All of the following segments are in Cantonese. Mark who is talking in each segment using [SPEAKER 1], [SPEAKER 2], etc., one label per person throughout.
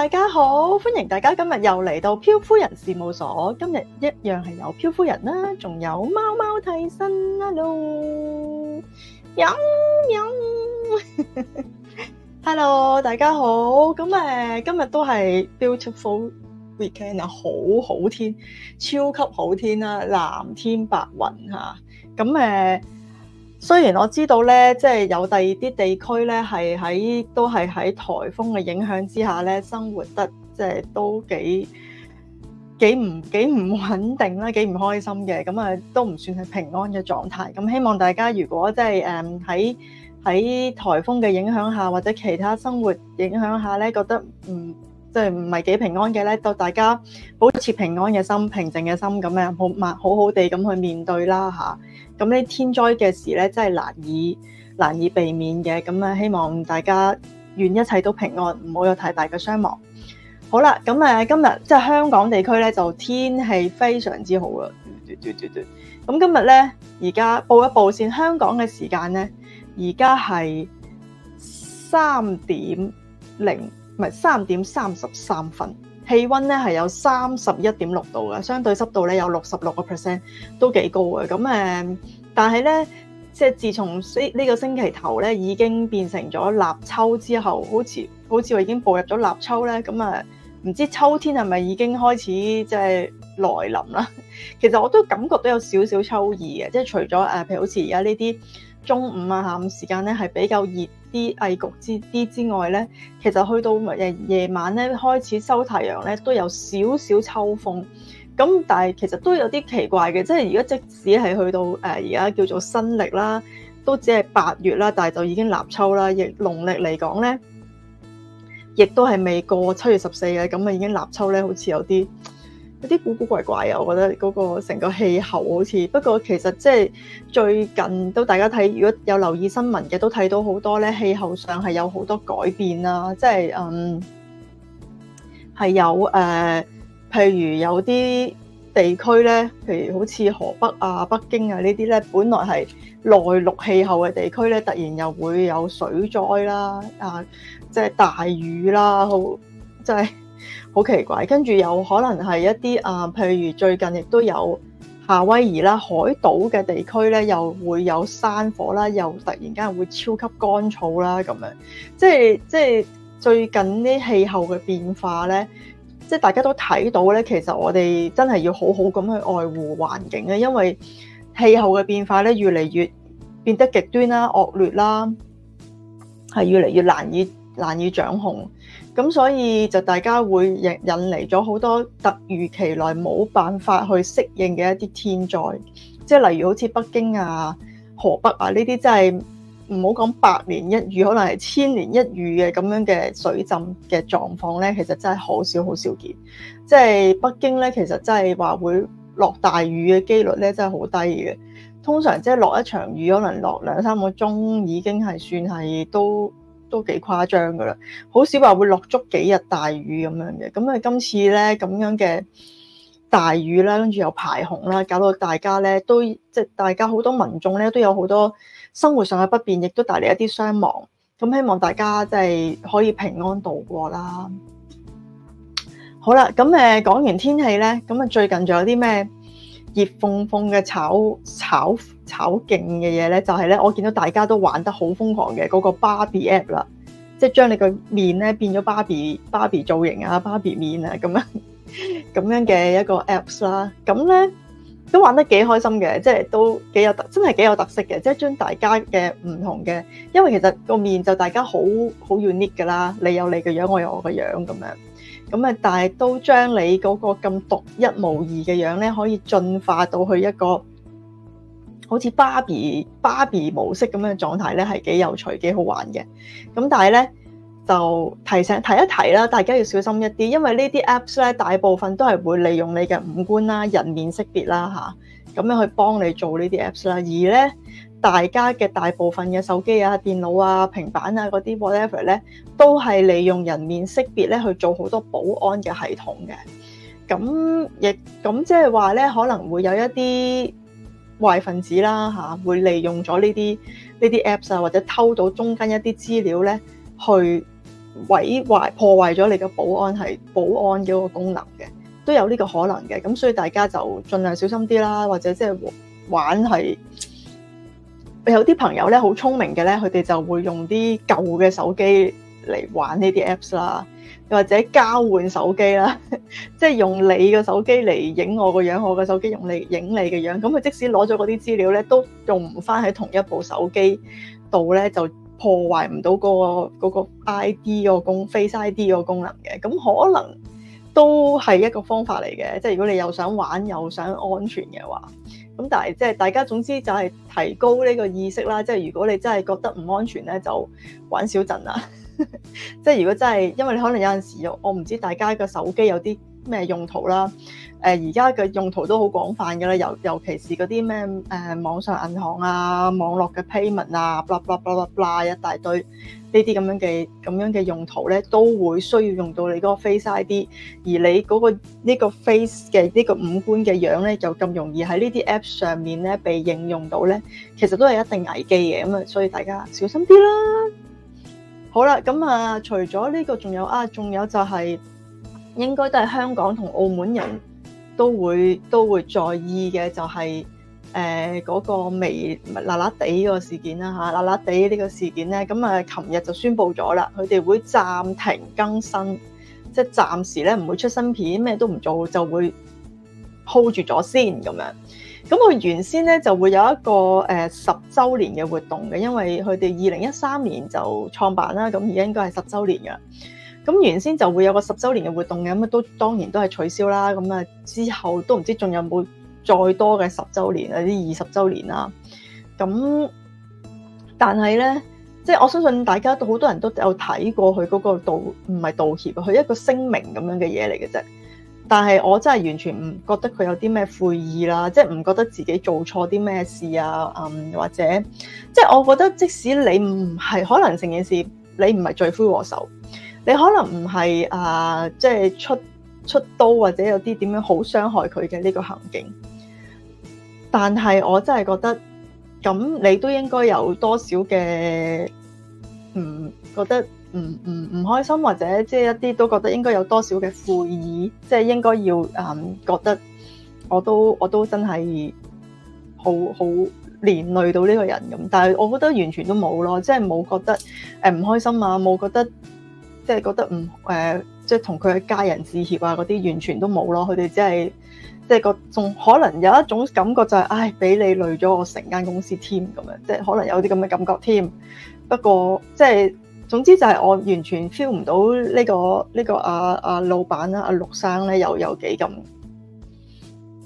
[SPEAKER 1] 大家好，歡迎大家今日又嚟到漂夫人事務所，今日一樣係有漂夫人啦，仲有貓貓替身啦，咯，喵喵 ，Hello，大家好，咁誒今日都係 beautiful weekend 啊，好好天，超級好天啊，藍天白雲吓，咁誒。雖然我知道咧，即係有第二啲地區咧，係喺都係喺颱風嘅影響之下咧，生活得即係都幾幾唔幾唔穩定啦，幾唔開心嘅，咁啊都唔算係平安嘅狀態。咁希望大家如果即係誒喺喺颱風嘅影響下，或者其他生活影響下咧，覺得唔～即係唔係幾平安嘅咧？都大家保持平安嘅心、平靜嘅心咁樣，好慢好好地咁去面對啦吓，咁、啊、呢天災嘅事咧，真係難以難以避免嘅。咁啊，希望大家願一切都平安，唔好有太大嘅傷亡。好啦，咁啊今日即係、就是、香港地區咧，就天氣非常之好啦。咁今日咧，而家報一報先，香港嘅時間咧，而家係三點零。唔係三點三十三分，氣溫咧係有三十一點六度嘅，相對濕度咧有六十六個 percent，都幾高嘅。咁誒，但係咧，即係自從呢呢個星期頭咧已經變成咗立秋之後，好似好似已經步入咗立秋咧，咁啊，唔知秋天係咪已經開始即係來臨啦？其實我都感覺到有少少秋意嘅，即係除咗誒，譬如好似而家呢啲。中午啊，下午時間咧係比較熱啲，翳焗之啲之外咧，其實去到誒夜晚咧開始收太陽咧，都有少少秋風咁。但係其實都有啲奇怪嘅，即係而家即使係去到誒而家叫做新曆啦，都只係八月啦，但係就已經立秋啦。亦農曆嚟講咧，亦都係未過七月十四嘅咁啊，已經立秋咧，好似有啲。有啲古古怪怪啊！我覺得嗰個成個氣候好似，不過其實即係最近都大家睇，如果有留意新聞嘅都睇到好多咧氣候上係有好多改變啦，即係嗯係有誒、呃，譬如有啲地區咧，譬如好似河北啊、北京啊呢啲咧，本來係內陸氣候嘅地區咧，突然又會有水災啦啊，即係大雨啦，好即係。就是好奇怪，跟住有可能係一啲啊，譬如最近亦都有夏威夷啦、海島嘅地區咧，又會有山火啦，又突然間會超級乾燥啦，咁樣，即係即係最近啲氣候嘅變化咧，即係大家都睇到咧，其實我哋真係要好好咁去愛護環境啊，因為氣候嘅變化咧，越嚟越變得極端啦、惡劣啦，係越嚟越難以難以掌控。咁所以就大家會引引嚟咗好多突如其來冇辦法去適應嘅一啲天災，即係例如好似北京啊、河北啊呢啲，這些真係唔好講百年一遇，可能係千年一遇嘅咁樣嘅水浸嘅狀況咧，其實真係好少好少見，即係北京咧，其實真係話會落大雨嘅幾率咧，真係好低嘅。通常即係落一場雨，可能落兩三個鐘已經係算係都。都幾誇張㗎啦，好少話會落足幾日大雨咁樣嘅，咁啊今次咧咁樣嘅大雨啦，跟住又排洪啦，搞到大家咧都即係大家好多民眾咧都有好多生活上嘅不便，亦都帶嚟一啲傷亡。咁希望大家即係可以平安度過啦。好啦，咁誒講完天氣咧，咁啊最近仲有啲咩？熱瘋瘋嘅炒炒炒勁嘅嘢咧，就係、是、咧，我見到大家都玩得好瘋狂嘅嗰、那個 b a app 啦，即係將你個面咧變咗芭比 r b 造型啊，芭比面啊，咁樣咁樣嘅一個 apps 啦，咁咧都玩得幾開心嘅，即係都幾有特，真係幾有特色嘅，即係將大家嘅唔同嘅，因為其實個面就大家好好要 n i q 噶啦，你有你嘅樣，我有我嘅樣咁樣。咁啊！但係都將你嗰個咁獨一無二嘅樣咧，可以進化到去一個好似芭比芭比模式咁樣嘅狀態咧，係幾有趣、幾好玩嘅。咁但係咧就提醒提一提啦，大家要小心一啲，因為呢啲 Apps 咧大部分都係會利用你嘅五官啦、人面識別啦嚇。咁樣去幫你做呢啲 apps 啦，而咧大家嘅大部分嘅手機啊、電腦啊、平板啊嗰啲 whatever 咧，都係利用人面識別咧去做好多保安嘅系統嘅。咁亦咁即係話咧，可能會有一啲壞分子啦嚇，會利用咗呢啲呢啲 apps 啊，或者偷到中間一啲資料咧，去毀壞破壞咗你嘅保安係保安嘅一個功能嘅。都有呢個可能嘅，咁所以大家就儘量小心啲啦，或者即係玩係有啲朋友咧，好聰明嘅咧，佢哋就會用啲舊嘅手機嚟玩呢啲 apps 啦，又或者交換手機啦，即 係用你嘅手機嚟影我個樣，我個手機用嚟影你嘅樣，咁佢即使攞咗嗰啲資料咧，都用唔翻喺同一部手機度咧，就破壞唔到個嗰個 ID 個功 Face ID 個功能嘅，咁可能。都係一個方法嚟嘅，即係如果你又想玩又想安全嘅話，咁但係即係大家總之就係提高呢個意識啦。即係如果你真係覺得唔安全咧，就玩小陣啦。 即係如果真係，因為你可能有陣時，我唔知大家個手機有啲，咩用途啦？誒而家嘅用途都好廣泛嘅啦，尤尤其是嗰啲咩誒網上銀行啊、網絡嘅 payment 啊、blah blah blah blah blah 一大堆，呢啲咁樣嘅咁樣嘅用途咧，都會需要用到你嗰個 face ID，而你嗰個呢個 face 嘅呢個五官嘅樣咧，就咁容易喺呢啲 app 上面咧被應用到咧，其實都係一定危機嘅，咁啊，所以大家小心啲啦。好啦，咁啊，除咗呢個，仲有啊，仲有就係。應該都係香港同澳門人都會都會在意嘅，就係誒嗰個微辣嗱地呢個事件啦嚇，嗱嗱地呢個事件咧，咁啊，琴日就宣布咗啦，佢哋會暫停更新，即係暫時咧唔會出新片，咩都唔做，就會 hold 住咗先咁樣。咁佢原先咧就會有一個誒、呃、十週年嘅活動嘅，因為佢哋二零一三年就創辦啦，咁而家應該係十週年嘅。咁原先就會有個十週年嘅活動嘅，咁都當然都係取消啦。咁啊，之後都唔知仲有冇再多嘅十週年啊，或者二十週年啊。咁但係咧，即係我相信大家都好多人都有睇過佢嗰個道唔係道歉，佢一個聲明咁樣嘅嘢嚟嘅啫。但係我真係完全唔覺得佢有啲咩悔意啦，即係唔覺得自己做錯啲咩事啊。嗯，或者即係我覺得，即使你唔係，可能成件事你唔係罪魁禍首。你可能唔係啊，即係出出刀或者有啲點樣好傷害佢嘅呢個行徑，但係我真係覺得咁，你都應該有多少嘅唔、嗯、覺得唔唔唔開心，或者即係一啲都覺得應該有多少嘅悔意，即係應該要啊、嗯、覺得我都我都真係好好連累到呢個人咁，但係我覺得完全都冇咯，即係冇覺得誒唔、嗯、開心啊，冇覺得。即係覺得唔誒，即係同佢嘅家人致歉啊，嗰啲完全都冇咯。佢哋即係即係個仲可能有一種感覺就係，唉，俾你累咗我成間公司添咁樣，即係可能有啲咁嘅感覺添。不過即係總之就係我完全 feel 唔到呢個呢個阿阿老闆啦，阿陸生咧又有，有幾咁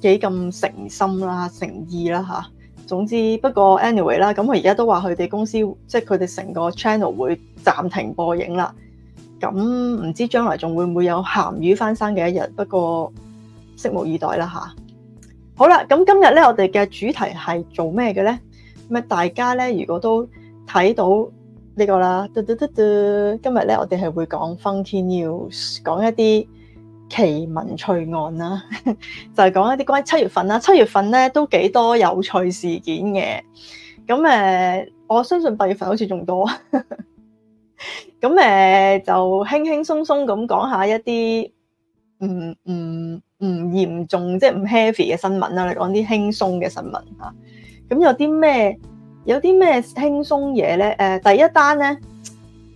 [SPEAKER 1] 幾咁誠心啦，誠意啦，吓，總之不過 anyway 啦，咁我而家都話佢哋公司即係佢哋成個 channel 會暫停播映啦。咁唔知將來仲會唔會有鹹魚翻生嘅一日，不過拭目以待啦嚇。好啦，咁今日咧我哋嘅主題係做咩嘅咧？咁啊，大家咧如果都睇到呢個啦，嘟嘟嘟嘟，今日咧我哋係會講 funky news，講一啲奇聞趣案啦， 就係講一啲關於七月份啦，七月份咧都幾多有趣事件嘅。咁誒，我相信八月份好似仲多。 咁誒，就輕輕鬆鬆咁講下一啲唔唔唔嚴重，即係唔 heavy 嘅新聞啦，你講啲輕鬆嘅新聞吓。咁有啲咩？有啲咩輕鬆嘢咧？誒，第一單咧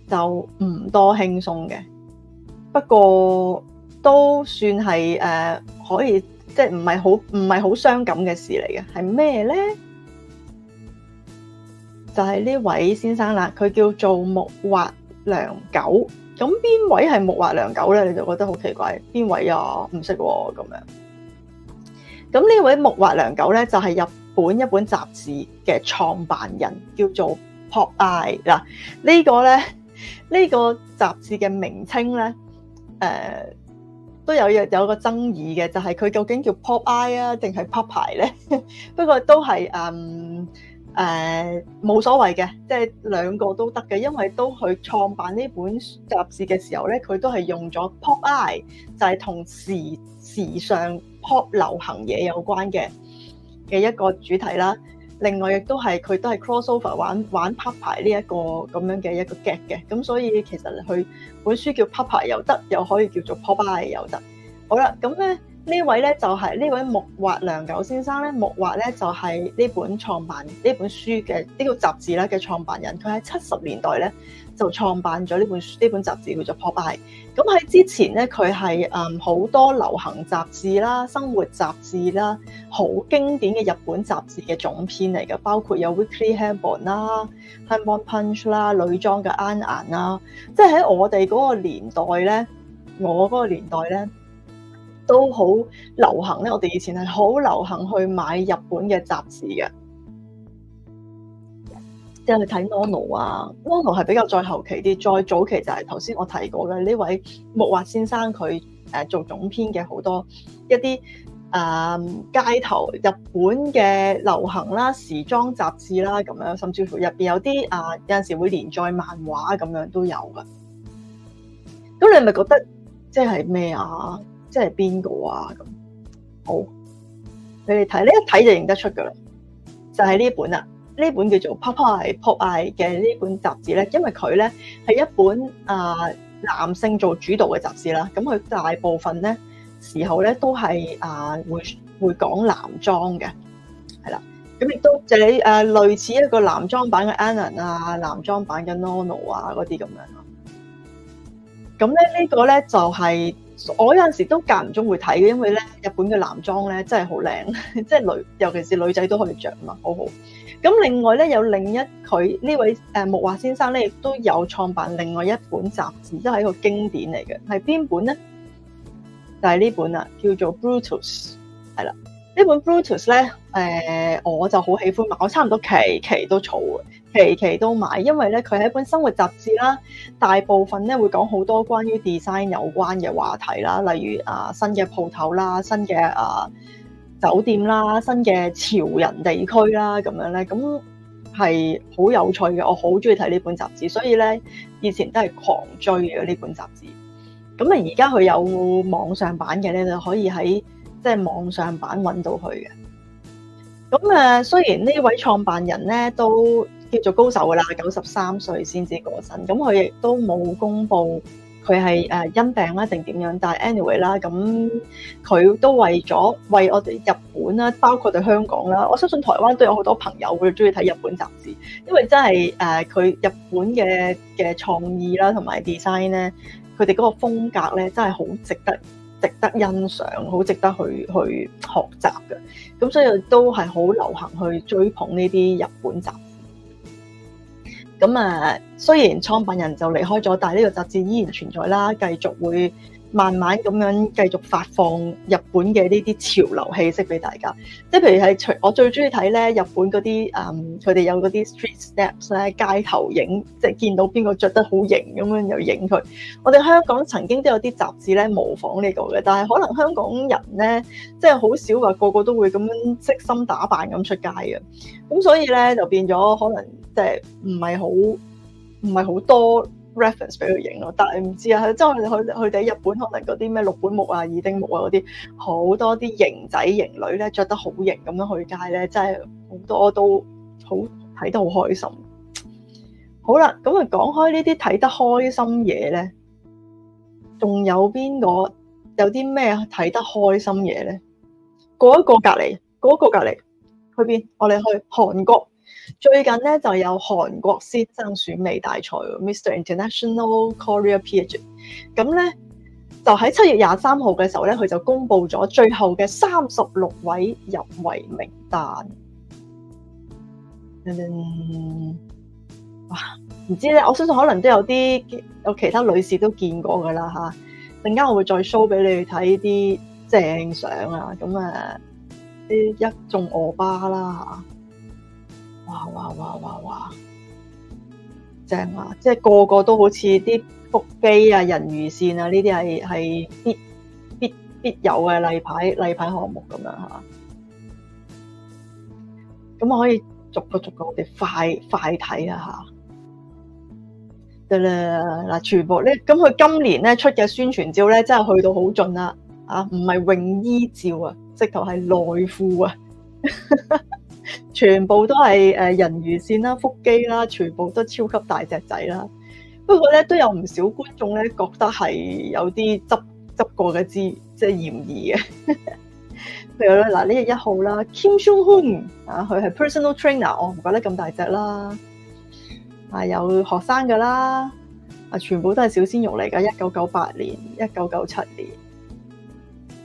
[SPEAKER 1] 就唔多輕鬆嘅，不過都算係誒可以，即係唔係好唔係好傷感嘅事嚟嘅，係咩咧？就係呢位先生啦，佢叫做木滑良久。咁邊位係木滑良久咧？你就覺得好奇怪。邊位啊？唔識喎咁樣。咁呢位木滑良久咧，就係、是、日本一本雜誌嘅創辦人，叫做 Pop Eye 嗱。這個、呢個咧，呢、這個雜誌嘅名稱咧，誒、呃、都有有有個爭議嘅，就係、是、佢究竟叫 Pop Eye 啊，定係 Pop 牌咧？呢 不過都係嗯。誒冇、呃、所謂嘅，即係兩個都得嘅，因為都佢創辦呢本雜誌嘅時候咧，佢都係用咗 pop eye，就係同時時尚 pop 流行嘢有關嘅嘅一個主題啦。另外亦都係佢都係 crossover 玩玩 pop 牌呢、這個、一個咁樣嘅一個 ject 嘅，咁所以其實佢本書叫 pop 牌又得，又可以叫做 pop eye 又得。好啦，咁咧。呢位咧就係、是、呢位木滑良久先生咧，木滑咧就係呢本創辦呢本書嘅呢、這個雜誌啦嘅創辦人。佢喺七十年代咧就創辦咗呢本書呢本雜誌，叫做 POPEYE。咁喺之前咧，佢係嗯好多流行雜誌啦、生活雜誌啦，好經典嘅日本雜誌嘅總編嚟嘅，包括有 Weekly Hamboon 啦、Hamboon Punch 啦、女裝嘅 e y 啦，即係喺我哋嗰個年代咧，我嗰個年代咧。都好流行咧，我哋以前係好流行去買日本嘅雜誌嘅，即係去睇 Nono 啊，Nono 係比較再後期啲，再早期就係頭先我提過嘅呢位木滑先生，佢誒做總編嘅好多一啲誒、嗯、街頭日本嘅流行啦、時裝雜誌啦咁樣，甚至乎入邊有啲誒、啊、有陣時會連載漫畫咁樣都有噶。咁你係咪覺得即係咩啊？即係邊個啊？咁好，你嚟睇，呢一睇就認得出噶啦，就係、是、呢本啦。呢本叫做 POPEYE POPEYE 嘅呢本雜誌咧，因為佢咧係一本啊男性做主導嘅雜誌啦。咁佢大部分咧時候咧都係啊會會講男裝嘅，係啦。咁亦都就係誒類似一個男裝版嘅 Ann 啊，男裝版嘅 Nono 啊嗰啲咁樣咯。咁咧呢個咧就係、是。我有陣時都間唔中會睇嘅，因為咧日本嘅男裝咧真係好靚，即係女，尤其是女仔都可以着啊嘛，好好。咁另外咧有另一佢呢位誒木滑先生咧，亦都有創辦另外一本雜誌，即係一個經典嚟嘅，係邊本咧？就係呢本啦，叫做 Brutus，係啦。這本呢本《BRUTUS》咧，誒我就好喜歡買，我差唔多期期都儲，期期都買，因為咧佢係一本生活雜誌啦，大部分咧會講好多關於 design 有關嘅話題啦，例如啊新嘅鋪頭啦、新嘅啊酒店啦、新嘅潮人地區啦咁樣咧，咁係好有趣嘅，我好鍾意睇呢本雜誌，所以咧以前都係狂追嘅呢本雜誌。咁啊而家佢有網上版嘅咧，就可以喺。即係網上版揾到佢嘅，咁誒雖然呢位創辦人咧都叫做高手噶啦，九十三歲先至過身，咁佢亦都冇公布佢係誒因病啦定點樣，但係 anyway 啦，咁佢都為咗為我哋日本啦，包括我哋香港啦，我相信台灣都有好多朋友會中意睇日本雜誌，因為真係誒佢日本嘅嘅創意啦同埋 design 咧，佢哋嗰個風格咧真係好值得。值得欣賞，好值得去去學習嘅，咁所以都係好流行去追捧呢啲日本集。咁啊，雖然創辦人就離開咗，但係呢個雜誌依然存在啦，繼續會慢慢咁樣繼續發放日本嘅呢啲潮流氣息俾大家，即係譬如係除我最中意睇咧日本嗰啲誒，佢哋有嗰啲 street steps 咧，街頭影，即係見到邊個着得好型咁樣又影佢。我哋香港曾經都有啲雜誌咧模仿呢個嘅，但係可能香港人咧即係好少話個個都會咁樣悉心打扮咁出街嘅，咁所以咧就變咗可能即係唔係好唔係好多。reference 俾佢影咯，但係唔知啊，即係我哋佢哋喺日本，可能嗰啲咩六本木啊、二丁目啊嗰啲，好多啲型仔型女咧，着得好型咁樣去街咧，真係好多都好睇得好開心。好啦，咁啊講開呢啲睇得開心嘢咧，仲有邊個有啲咩睇得開心嘢咧？嗰一個隔離，嗰個隔離去邊？我哋去韓國。最近咧就有韓國先生選美大賽，Mr. International Korea Pageant。咁咧就喺七月廿三號嘅時候咧，佢就公布咗最後嘅三十六位入圍名單。嗯、哇！唔知咧，我相信可能都有啲有其他女士都見過噶啦嚇。陣間我會再 show 俾你睇啲正相啊，咁啊啲一眾歐巴啦嚇。哇哇哇哇哇！正啊！即係個個都好似啲腹肌啊、人魚線啊，呢啲係係必必必有嘅例牌例牌項目咁樣吓。咁、啊、我可以逐個逐個我哋快快睇啊吓。得啦嗱，全部咧，咁佢今年咧出嘅宣傳照咧，真係去到好盡啦啊！唔係泳衣照啊，直頭係內褲啊。 全部都係誒人魚線啦、啊、腹肌啦、啊，全部都超級大隻仔啦。不過咧都有唔少觀眾咧覺得係有啲執執過嘅之即係嫌疑嘅。譬 如咧嗱呢日一號啦，Kim Jong Hun 啊，佢係 personal trainer，我唔覺得咁大隻啦。係、啊、有學生噶啦，啊全部都係小鮮肉嚟噶，一九九八年、一九九七年。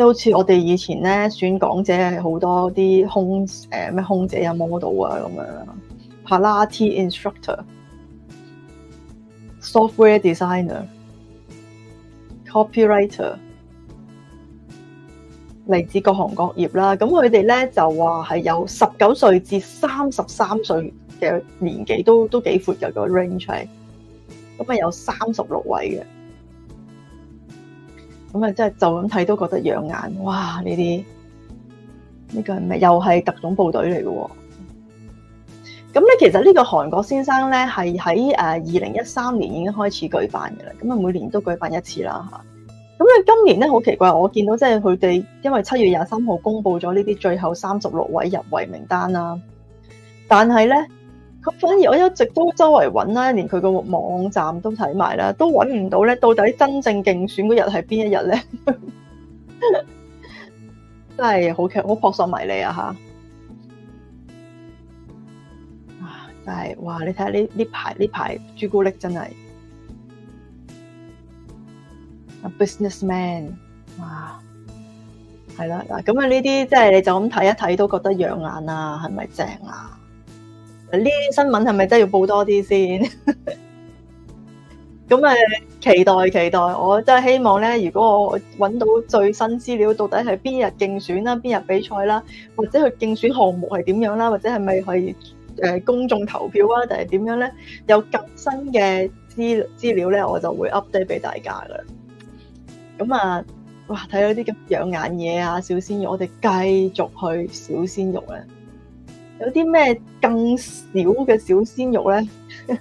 [SPEAKER 1] 都好似我哋以前咧，選港姐係好多啲空誒咩空姐啊 model 啊咁樣，Pilates instructor、Inst ructor, software designer、copywriter 嚟自各行各業啦。咁佢哋咧，就話係有十九歲至三十三歲嘅年紀都都幾闊嘅個 range。咁啊，有三十六位嘅。咁啊，真係就咁睇都覺得養眼，哇！呢啲呢個係咪又係特種部隊嚟嘅？咁咧，其實呢個韓國先生咧，係喺誒二零一三年已經開始舉辦嘅啦，咁啊，每年都舉辦一次啦嚇。咁咧，今年咧好奇怪，我見到即係佢哋因為七月廿三號公布咗呢啲最後三十六位入圍名單啦，但係咧。咁反而我一直都周圍揾啦，連佢個網站都睇埋啦，都揾唔到呢。到底真正競選嗰日係邊一日呢？ 真係好強，好撲朔迷離啊！真、啊、係哇！你睇下呢排呢排朱古力真係 businessman 哇，係啦嗱，咁啊呢啲即係你就咁睇一睇都覺得養眼啊，係咪正啊？呢啲新聞係咪真係要報多啲先？咁 誒，期待期待，我真係希望咧，如果我揾到最新資料，到底係邊日競選啦，邊日比賽啦，或者去競選項目係點樣啦，或者係咪係誒公眾投票啊，定係點樣咧？有更新嘅資資料咧，我就會 update 俾大家噶啦。咁啊，哇！睇到啲咁養眼嘢啊，小鮮肉，我哋繼續去小鮮肉啊！有啲咩更小嘅小鮮肉咧？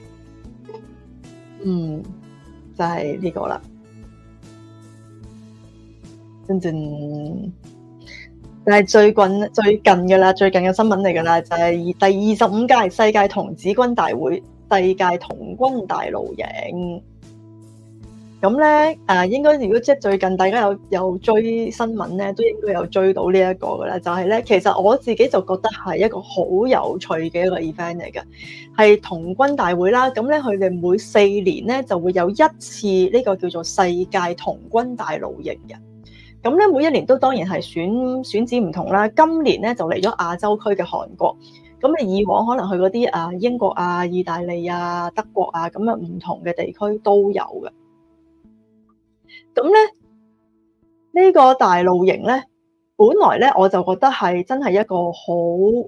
[SPEAKER 1] 嗯，就係、是、呢個啦。正正但係最近最近嘅啦，最近嘅新聞嚟嘅啦，就係、是、第二十五屆世界童子軍大會，第二屆童軍大露營。咁咧，誒應該如果即最近大家有有追新聞咧，都應該有追到呢一個嘅啦。就係咧，其實我自己就覺得係一個好有趣嘅一個 event 嚟嘅，係童軍大會啦。咁咧，佢哋每四年咧就會有一次呢個叫做世界童軍大露營嘅。咁咧，每一年都當然係選選址唔同啦。今年咧就嚟咗亞洲區嘅韓國。咁你，以往可能去嗰啲誒英國啊、意大利啊、德國啊咁樣，唔同嘅地區都有嘅。咁咧，呢個大露營咧，本來咧我就覺得係真係一個好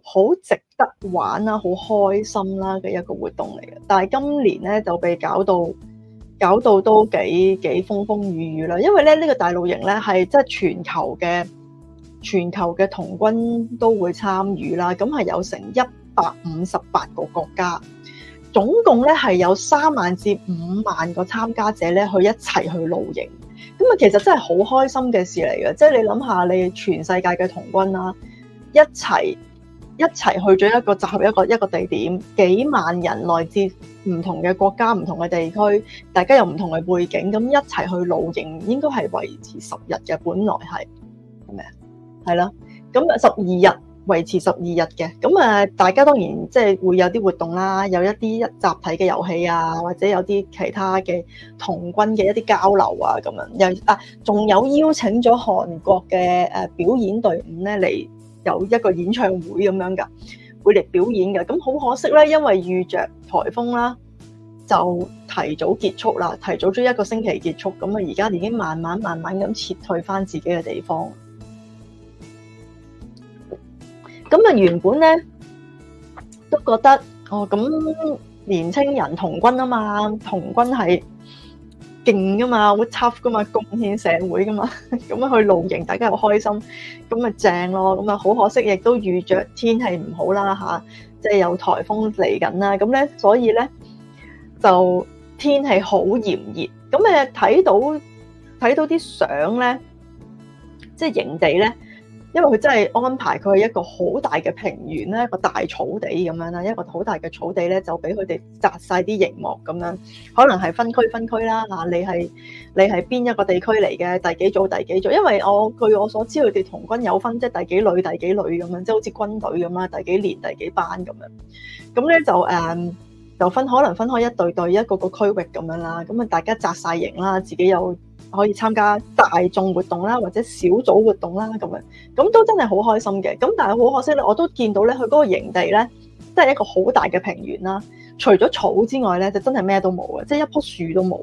[SPEAKER 1] 好值得玩啦、好開心啦嘅一個活動嚟嘅。但係今年咧就被搞到搞到都幾幾風風雨雨啦，因為咧呢個大露營咧係即係全球嘅全球嘅童軍都會參與啦。咁係有成一百五十八個國家，總共咧係有三萬至五萬個參加者咧，去一齊去露營。咁啊，其實真係好開心嘅事嚟嘅，即係你諗下，你全世界嘅童軍啦、啊，一齊一齊去咗一個集合一個一個地點，幾萬人來自唔同嘅國家、唔同嘅地區，大家有唔同嘅背景，咁一齊去露營，應該係維持十日嘅，本來係係咪啊？係啦，咁啊十二日。維持十二日嘅，咁啊，大家當然即係會有啲活動啦，有一啲集體嘅遊戲啊，或者有啲其他嘅童軍嘅一啲交流啊，咁樣又啊，仲有邀請咗韓國嘅誒表演隊伍咧嚟有一個演唱會咁樣噶，會嚟表演嘅。咁好可惜咧，因為遇着颱風啦，就提早結束啦，提早咗一個星期結束。咁啊，而家已經慢慢慢慢咁撤退翻自己嘅地方。咁啊，原本咧都覺得哦，咁年青人童軍啊嘛，童軍係勁噶嘛，好 tough 噶嘛，貢獻社會噶嘛，咁樣去露營，大家又開心，咁咪正咯。咁啊，好可惜，亦都遇著天氣唔好啦吓，即係有颱風嚟緊啦，咁咧，所以咧就天氣好炎熱，咁啊，睇到睇到啲相咧，即係營地咧。因為佢真係安排佢係一個好大嘅平原咧，一個大草地咁樣啦，一個好大嘅草地咧，就俾佢哋扎晒啲營幕咁樣。可能係分區分區啦，嗱，你係你係邊一個地區嚟嘅，第幾組第幾組。因為我據我所知佢哋同軍有分，即係第幾旅第幾旅咁樣，即係好似軍隊咁啦，第幾年、第幾班咁樣。咁咧就誒，um, 就分可能分開一隊隊，一個個區域咁樣啦。咁啊，大家紮晒營啦，自己有。可以參加大眾活動啦，或者小組活動啦，咁樣咁都真係好開心嘅。咁但係好可惜咧，我都見到咧，佢嗰個營地咧，即係一個好大嘅平原啦。除咗草之外咧，就真係咩都冇嘅，即係一棵樹都冇。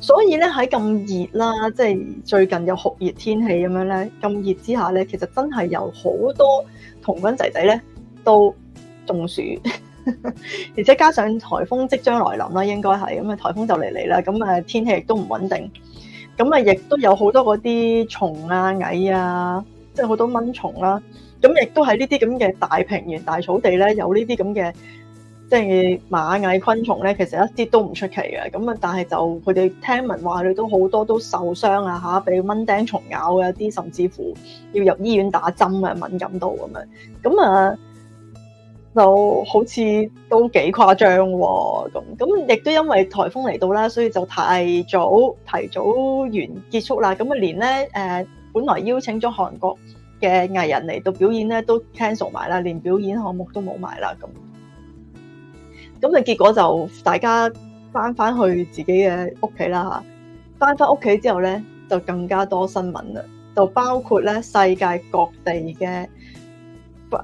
[SPEAKER 1] 所以咧，喺咁熱啦，即係最近又酷熱天氣咁樣咧，咁熱之下咧，其實真係有好多童軍仔仔咧都中暑， 而且加上颱風即將來臨啦，應該係咁啊，颱風就嚟嚟啦，咁啊天氣亦都唔穩定。咁啊，亦都有好多嗰啲蟲啊、蟻啊，即係好多蚊蟲啦、啊。咁亦都係呢啲咁嘅大平原、大草地咧，有呢啲咁嘅即係螞蟻昆蟲咧。其實一啲都唔出奇嘅。咁啊，但係就佢哋聽聞話，佢都好多都受傷啊吓，俾蚊叮蟲咬啊啲，甚至乎要入醫院打針啊，敏感到咁樣。咁啊～就好似都幾誇張喎，咁咁亦都因為颱風嚟到啦，所以就太早提早完結束啦。咁啊，連咧誒，本來邀請咗韓國嘅藝人嚟到表演咧，都 cancel 埋啦，連表演項目都冇埋啦。咁咁啊，結果就大家返返去自己嘅屋企啦嚇，返返屋企之後咧，就更加多新聞啦，就包括咧世界各地嘅。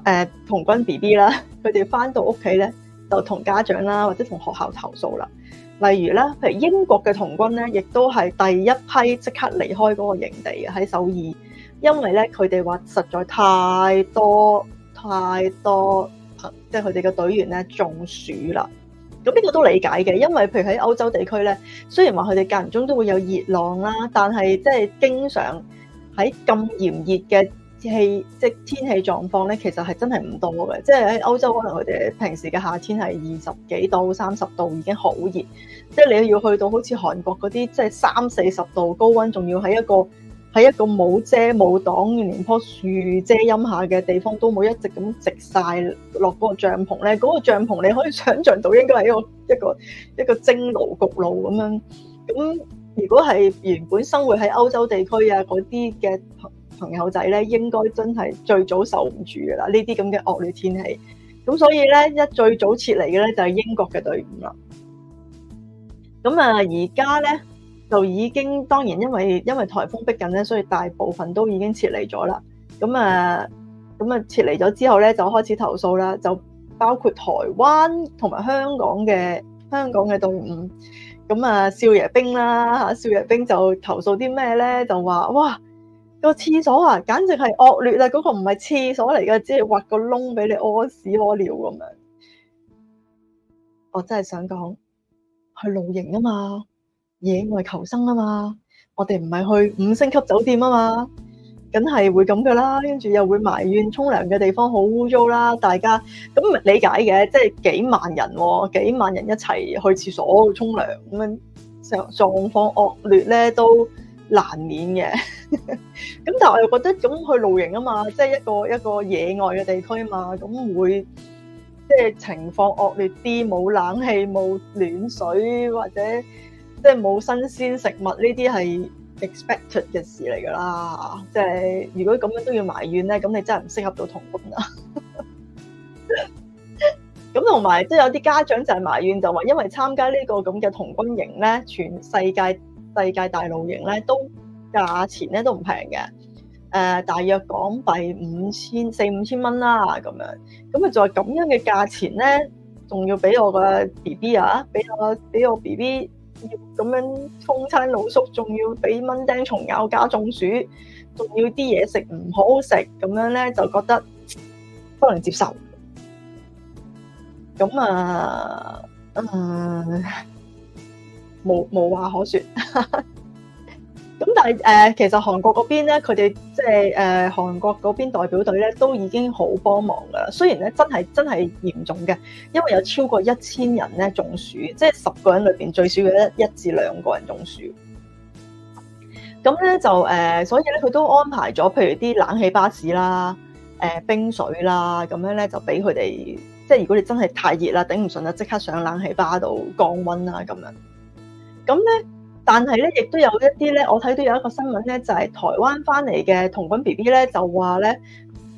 [SPEAKER 1] 誒童軍 B B 啦，佢哋翻到屋企咧，就同家長啦或者同學校投訴啦。例如咧，譬如英國嘅童軍咧，亦都係第一批即刻離開嗰個營地喺首爾，因為咧佢哋話實在太多太多，即係佢哋嘅隊員咧中暑啦。咁呢個都理解嘅，因為譬如喺歐洲地區咧，雖然話佢哋間唔中都會有熱浪啦，但係即係經常喺咁炎熱嘅。氣即係天氣狀況咧，其實係真係唔多嘅。即係喺歐洲，可能佢哋平時嘅夏天係二十幾度、三十度已經好熱，即係你要去到好似韓國嗰啲，即係三四十度高溫，仲要喺一個喺一個冇遮冇擋連棵樹遮陰下嘅地方，都冇一直咁直曬落嗰個帳篷咧。嗰個帳篷你可以想象到，應該係一個一個一個蒸爐焗爐咁樣。咁如果係原本生活喺歐洲地區啊，嗰啲嘅。朋友仔咧，應該真係最早受唔住噶啦，呢啲咁嘅惡劣天氣。咁所以咧，一最早撤離嘅咧就係英國嘅隊伍啦。咁啊，而家咧就已經當然，因為因為颱風逼近咧，所以大部分都已經撤離咗啦。咁啊，咁啊撤離咗之後咧，就開始投訴啦。就包括台灣同埋香港嘅香港嘅隊伍。咁啊，少爺兵啦嚇，少爺兵就投訴啲咩咧？就話哇～個廁所啊，簡直係惡劣啊！嗰個唔係廁所嚟嘅，只係挖個窿俾你屙屎屙尿咁樣。我真係想講去露營啊嘛，野外求生啊嘛。我哋唔係去五星級酒店啊嘛，梗係會咁噶啦。跟住又會埋怨沖涼嘅地方好污糟啦。大家咁理解嘅，即係幾萬人、哦，幾萬人一齊去廁所去沖涼咁樣狀狀況惡劣咧，都難免嘅。咁但係我又覺得咁去露營啊嘛，即係一個一個野外嘅地區啊嘛，咁會即係情況惡劣啲，冇冷氣冇暖水或者即係冇新鮮食物呢啲係 expected 嘅事嚟噶啦。即係如果咁樣都要埋怨咧，咁你真係唔適合到童軍啊。咁同埋即係有啲家長就係埋怨就話，因為參加呢個咁嘅童軍營咧，全世界世界大露營咧都。價錢咧都唔平嘅，誒、呃、大約港幣五千四五千蚊啦咁樣，咁啊就係咁樣嘅價錢咧，仲要俾我個 B B 啊，俾我俾我 B B 要咁樣風餐露宿，仲要俾蚊叮蟲咬加中暑，仲要啲嘢食唔好食，咁樣咧就覺得不能接受，咁啊，嗯，冇冇話可説。 咁但係誒、呃，其實韓國嗰邊咧，佢哋即係誒韓國嗰邊代表隊咧，都已經好幫忙噶啦。雖然咧真係真係嚴重嘅，因為有超過一千人咧中暑，即係十個人裏邊最少嘅一一至兩個人中暑。咁咧就誒、呃，所以咧佢都安排咗，譬如啲冷氣巴士啦、誒、呃、冰水啦，咁樣咧就俾佢哋，即係如果你真係太熱啦，頂唔順啦，即刻上冷氣巴度降溫啦，咁樣。咁咧。但係咧，亦都有一啲咧，我睇到有一個新聞咧，就係、是、台灣翻嚟嘅童軍 B B 咧，就話咧，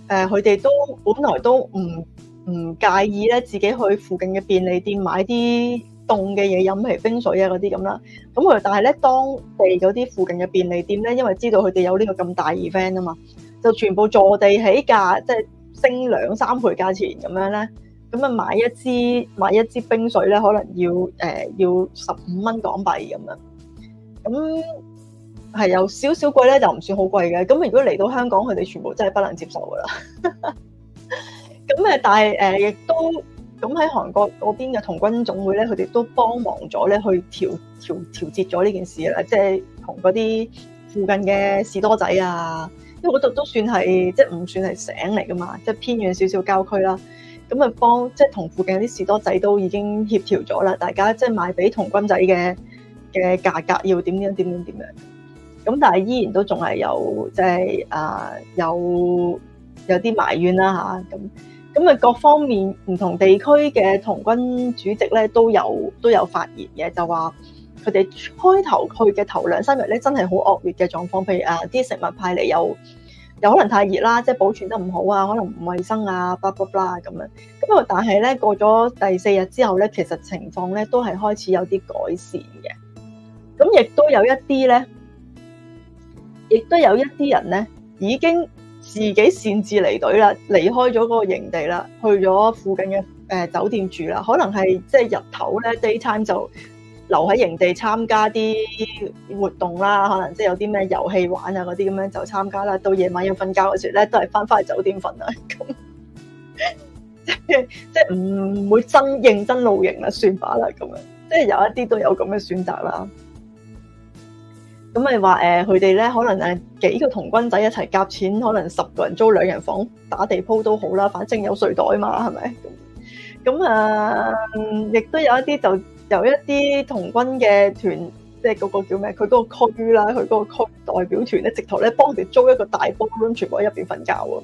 [SPEAKER 1] 誒佢哋都本來都唔唔介意咧，自己去附近嘅便利店買啲凍嘅嘢飲，譬如冰水啊嗰啲咁啦。咁佢但係咧，當地嗰啲附近嘅便利店咧，因為知道佢哋有呢個咁大 event 啊嘛，就全部坐地起價，即、就、係、是、升兩三倍價錢咁樣咧。咁啊買一支買一支冰水咧，可能要誒、呃、要十五蚊港幣咁樣。咁係有少少貴咧，就唔算好貴嘅。咁如果嚟到香港，佢哋全部真係不能接受噶啦。咁 但係亦、呃、都咁喺韓國嗰邊嘅童軍總會咧，佢哋都幫忙咗咧，去調調調節咗呢件事啦。即係同嗰啲附近嘅士多仔啊，因為嗰度都算係即係唔算係城嚟噶嘛，即係偏遠少少郊區啦。咁啊幫即係同附近啲士多仔都已經協調咗啦，大家即係賣俾童軍仔嘅。嘅價格要點樣點樣點樣咁，但係依然都仲係有即係啊，有有啲埋怨啦嚇咁咁啊。各方面唔同地區嘅童軍主席咧都有都有發言嘅，就話佢哋開頭去嘅頭兩三日咧，真係好惡劣嘅狀況，譬如啊啲食物派嚟又又可能太熱啦，即係保存得唔好啊，可能唔衛生啊，巴拉巴拉咁樣。咁啊，但係咧過咗第四日之後咧，其實情況咧都係開始有啲改善嘅。咁亦都有一啲咧，亦都有一啲人咧，已經自己擅自離隊啦，離開咗嗰個營地啦，去咗附近嘅誒酒店住啦。可能係即係日頭咧，day time 就留喺營地參加啲活動啦。可能即係有啲咩遊戲玩啊，嗰啲咁樣就參加啦。到夜晚要瞓覺嘅時咧，都係翻翻去酒店瞓啦。咁即係即係唔會真認真露營啦，算吧啦咁樣。即係有一啲都有咁嘅選擇啦。咁咪話佢哋咧可能幾個童軍仔一齊夾錢，可能十個人租兩人房打地鋪都好啦，反正有睡袋嘛，係咪？咁啊，亦、嗯、都有一啲就有一啲童軍嘅團，即係嗰個叫咩？佢嗰個區啦，佢嗰個區代表團咧，直頭咧幫佢哋租一個大 ballroom，a 全部喺入面瞓覺咁樣，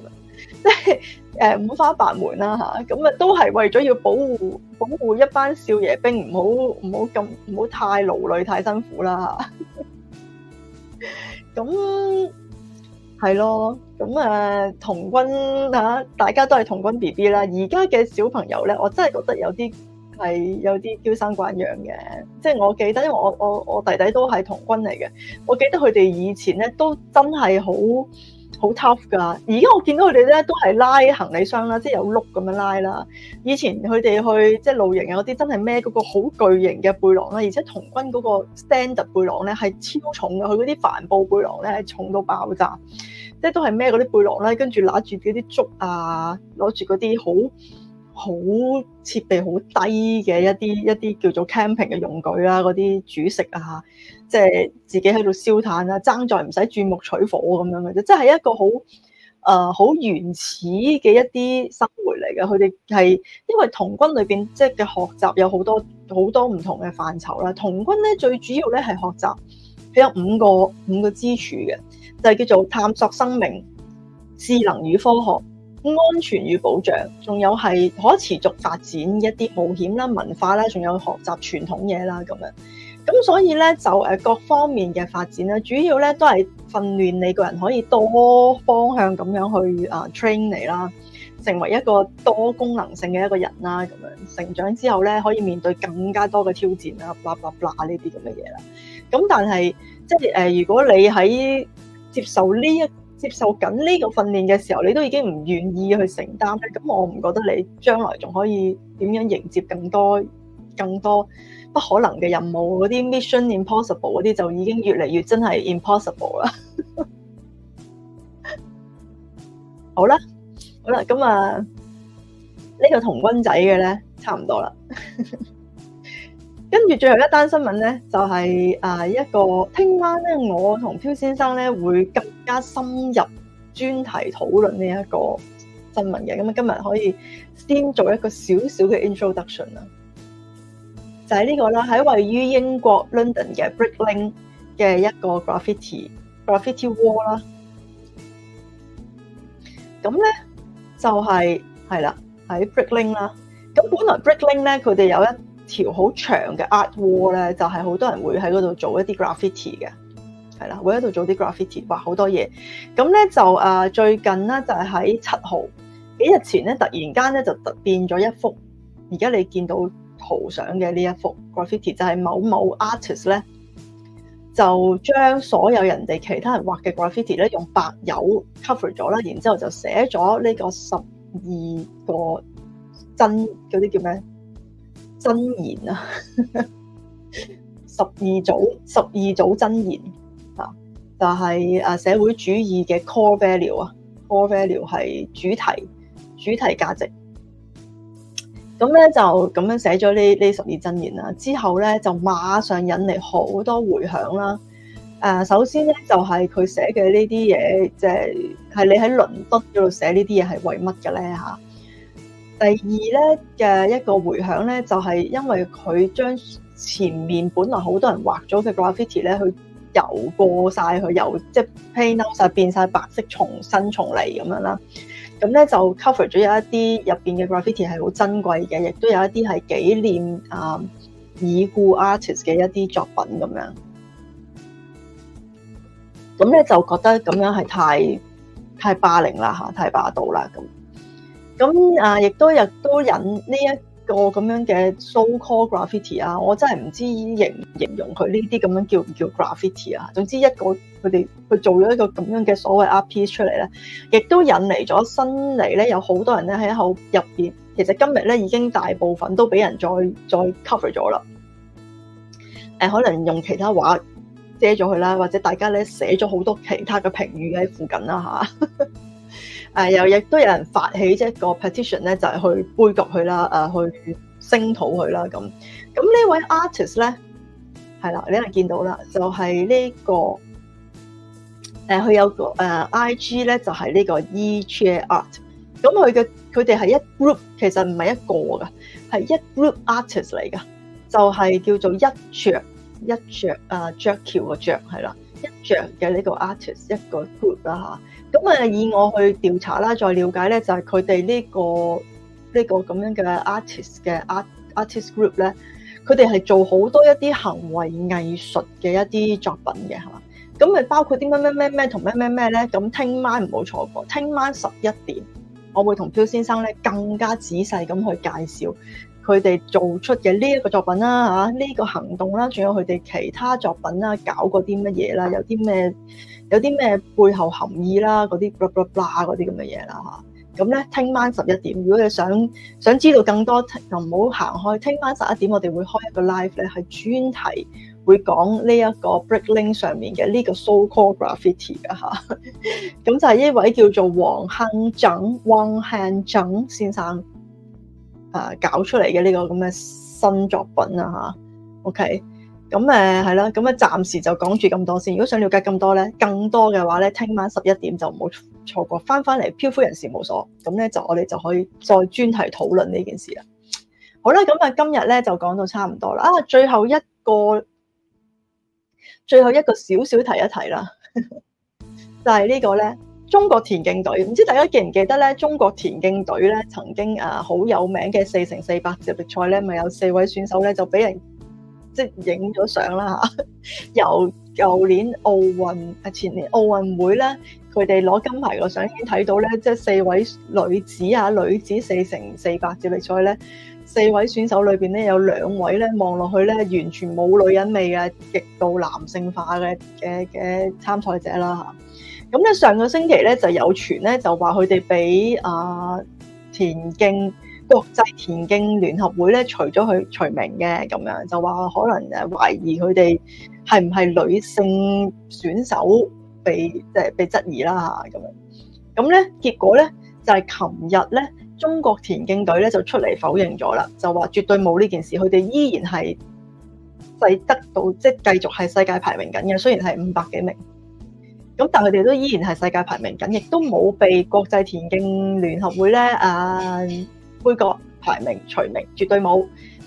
[SPEAKER 1] 即係誒五花八門啦吓，咁啊，都係為咗要保護保護一班少爺兵，唔好唔好咁唔好太勞累、太辛苦啦咁係咯，咁誒童軍吓，大家都係童軍 B B 啦。而家嘅小朋友咧，我真係覺得有啲係有啲嬌生慣養嘅。即係我記得，因為我我我弟弟都係童軍嚟嘅，我記得佢哋以前咧都真係好。好 tough 噶。而家我見到佢哋咧都係拉行李箱啦，即係有碌咁樣拉啦。以前佢哋去即係、就是、露營有啲真係孭嗰個好巨型嘅背囊啦，而且童軍嗰個 standard 背囊咧係超重嘅。佢嗰啲帆布背囊咧係重到爆炸，即係都係孭嗰啲背囊咧，跟住攞住嗰啲竹啊，攞住嗰啲好。好設備好低嘅一啲一啲叫做 camping 嘅用具啦，嗰啲煮食啊，即係自己喺度燒炭啊，爭在唔使鑽木取火咁樣嘅啫，即係一個好誒好原始嘅一啲生活嚟嘅。佢哋係因為童軍裏邊即係嘅學習有好多好多唔同嘅範疇啦，童軍咧最主要咧係學習，佢有五個五個支柱嘅，就係叫做探索生命、智能與科學、安全與保障，仲有係可持續發展，一啲冒險啦、文化啦，仲有學習傳統嘢啦咁樣。咁所以咧就誒各方面嘅發展啦，主要咧都係訓練你個人可以多方向咁樣去誒 train 你啦，成為一個多功能性嘅一個人啦咁樣。成長之後咧可以面對更加多嘅挑戰啦，啦啦啦呢啲咁嘅嘢啦。咁但係即係誒、呃，如果你喺接受呢一接受緊呢個訓練嘅時候，你都已經唔願意去承擔，咁我唔覺得你將來仲可以點樣迎接更多更多不可能嘅任務，嗰啲 Mission Impossible 嗰啲就已經越嚟越真係 Impossible 啦。 好啦，好啦，咁啊，呢個童軍仔嘅咧，差唔多啦。 跟住最後一單新聞咧，就係、是、誒一個聽晚咧，我同漂先生咧會更加深入專題討論呢一個新聞嘅。咁啊，今日可以先做一個小小嘅 introduction 啦，就係、是、呢個啦，喺位於英國 London 嘅 Brick Lane 嘅一個 graffiti graffiti wall 啦。咁咧就係係啦，喺 Brick Lane 啦。咁本來 Brick Lane 咧，佢哋有一條好長嘅 art wall 咧，就係、是、好多人會喺嗰度做一啲 graffiti 嘅，係啦，會喺度做啲 graffiti，畫好多嘢。咁咧就誒、啊、最近咧就係喺七號幾日前咧，突然間咧就突變咗一幅，而家你見到圖上嘅呢一幅 graffiti 就係某某 artist 咧，就將所有人哋其他人畫嘅 graffiti 咧用白油 cover 咗啦，然之後就寫咗呢個十二個真嗰啲叫咩？真言啊，十二組十二組真言啊，就係，誒，啊社會主義嘅 core value 啊，core value 係主題主題價值。咁咧就咁樣寫咗呢呢十二真言啦，之後咧就馬上引嚟好多迴響啦。誒，首先咧就係佢寫嘅呢啲嘢，即係係你喺倫敦嗰度寫呢啲嘢係為乜嘅咧嚇？第二咧嘅一個回響咧，就係因為佢將前面本來好多人畫咗嘅 graffiti 咧，去油過晒，佢，油即係 paintover 晒，變曬白色，重新重嚟咁樣啦。咁咧就 cover 咗有一啲入邊嘅 graffiti 係好珍貴嘅，亦都有一啲係紀念啊已故 artist 嘅一啲作品咁樣。咁咧就覺得咁樣係太太霸凌啦嚇，太霸道啦咁。咁啊，亦都亦都引呢一個咁樣嘅 so called graffiti 啊，我真係唔知形容佢呢啲咁樣叫唔叫 graffiti 啊。總之一個佢哋佢做咗一個咁樣嘅所謂 art piece 出嚟咧，亦都引嚟咗新嚟咧，有好多人咧喺口入面，其實今日咧已經大部分都俾人再再 cover 咗啦。誒，可能用其他話遮咗佢啦，或者大家咧寫咗好多其他嘅評語喺附近啦吓 誒又亦都有人發起一個 petition 咧，就係去杯葛佢啦，誒去聲討佢啦咁。咁呢位 artist 咧係啦，你係見到啦，就係呢個，誒佢有個誒 IG 咧，就係呢個 E Chair Art。咁佢嘅佢哋係一 group，其實唔係一個噶，係一 group artist 嚟噶，就係叫做一鵲。一鵲，誒鵲橋嘅鵲係啦。一樣嘅呢個 artist 一個 group 啦吓，咁啊以我去調查啦，再了解咧就係佢哋呢個呢個咁樣嘅 artist 嘅 artist group 咧，佢哋係做好多一啲行為藝術嘅一啲作品嘅係嘛？咁啊包括啲乜咩咩咩同咩咩咩咧，咁聽晚唔好錯過，聽晚十一點我會同漂先生咧更加仔細咁去介紹。佢哋做出嘅呢一個作品啦，嚇、這、呢個行動啦，仲有佢哋其他作品啦，搞過啲乜嘢啦？有啲咩有啲咩背後含義啦？嗰啲 bla bla bla 嗰啲咁嘅嘢啦嚇。咁咧，聽晚十一點，如果你想想知道更多，就唔好行開。聽晚十一點，我哋會開一個 live 咧，係專題會講呢一個 Brick Lane 上面嘅呢、這個 so called graffiti 噶嚇。咁就係呢位叫做黃杏整黃杏整先生。啊，搞出嚟嘅呢個咁嘅新作品啊，吓，OK，咁誒係啦，咁咧暫時就講住咁多先。如果想了解咁多咧，更多嘅話咧，聽晚十一點就唔好錯過，翻翻嚟漂夫人事務所，咁咧就我哋就可以再專題討論呢件事啦。好啦，咁啊今日咧就講到差唔多啦。啊，最後一個，最後一個少少提一提啦，就係、是、呢個咧。中國田徑隊，唔知大家記唔記得咧？中國田徑隊咧，曾經誒、啊、好有名嘅四乘四百接力賽咧，咪有四位選手咧就俾人即係影咗相啦嚇。由舊年奧運啊，前年奧運會咧，佢哋攞金牌個相先睇到咧，即、就、係、是、四位女子啊，女子四乘四百接力賽咧，四位選手裏邊咧有兩位咧望落去咧，完全冇女人味嘅，極度男性化嘅嘅嘅參賽者啦嚇。啊咁咧上個星期咧就有傳咧就話佢哋俾啊田徑國際田徑聯合會咧除咗佢除名嘅咁樣，就話可能誒懷疑佢哋係唔係女性選手被誒被質疑啦嚇咁樣。咁咧結果咧就係琴日咧中國田徑隊咧就出嚟否認咗啦，就話絕對冇呢件事，佢哋依然係係得到即係繼續係世界排名緊嘅，雖然係五百幾名。咁但佢哋都依然係世界排名緊，亦都冇被國際田徑聯合會咧啊杯葛排名除名，絕對冇。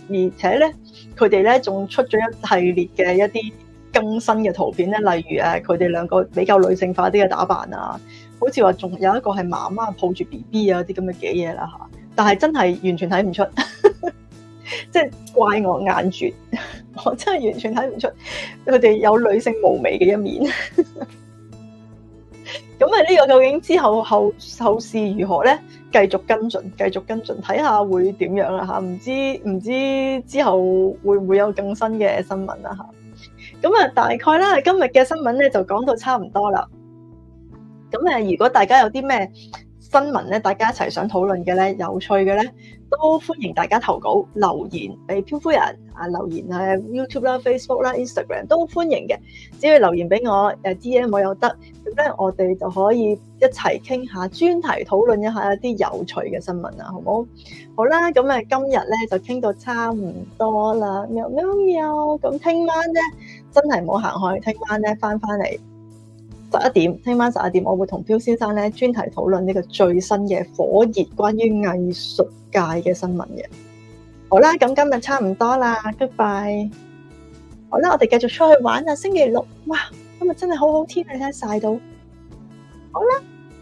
[SPEAKER 1] 而且咧，佢哋咧仲出咗一系列嘅一啲更新嘅圖片咧，例如誒佢哋兩個比較女性化啲嘅打扮啊，好似話仲有一個係媽媽抱住 BB 啊啲咁嘅嘅嘢啦嚇。但係真係完全睇唔出，即係怪我眼拙，我真係完全睇唔出佢哋有女性嫵媚嘅一面。咁啊，呢個究竟之後後後事如何咧？繼續跟進，繼續跟進，睇下會點樣啦嚇。唔知唔知之後會唔會有更新嘅新聞啦嚇。咁啊，大概啦，今日嘅新聞咧就講到差唔多啦。咁誒，如果大家有啲咩新聞咧，大家一齊想討論嘅咧，有趣嘅咧，都歡迎大家投稿留言俾漂夫人啊，留言啊 YouTube 啦、YouTube、Facebook 啦、Instagram 都歡迎嘅，只要留言俾我，誒 DM 我又得，咁咧我哋就可以一齊傾下專題討論一下一啲有趣嘅新聞啊，好唔好？好啦，咁啊今日咧就傾到差唔多啦，喵喵喵，咁聽晚咧真係冇行開，聽晚咧翻翻嚟。十一點，聽晚十一點，我會同標先生咧專題討論呢個最新嘅火熱關於藝術界嘅新聞嘅。好啦，咁今日差唔多啦，goodbye。好啦，我哋繼續出去玩啊！星期六，哇，今日真係好好天啊，你睇晒到。好啦，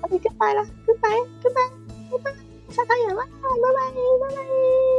[SPEAKER 1] 我哋 goodbye 啦，goodbye，goodbye，拜拜，下個星期啦，拜拜，拜拜。拜拜拜拜。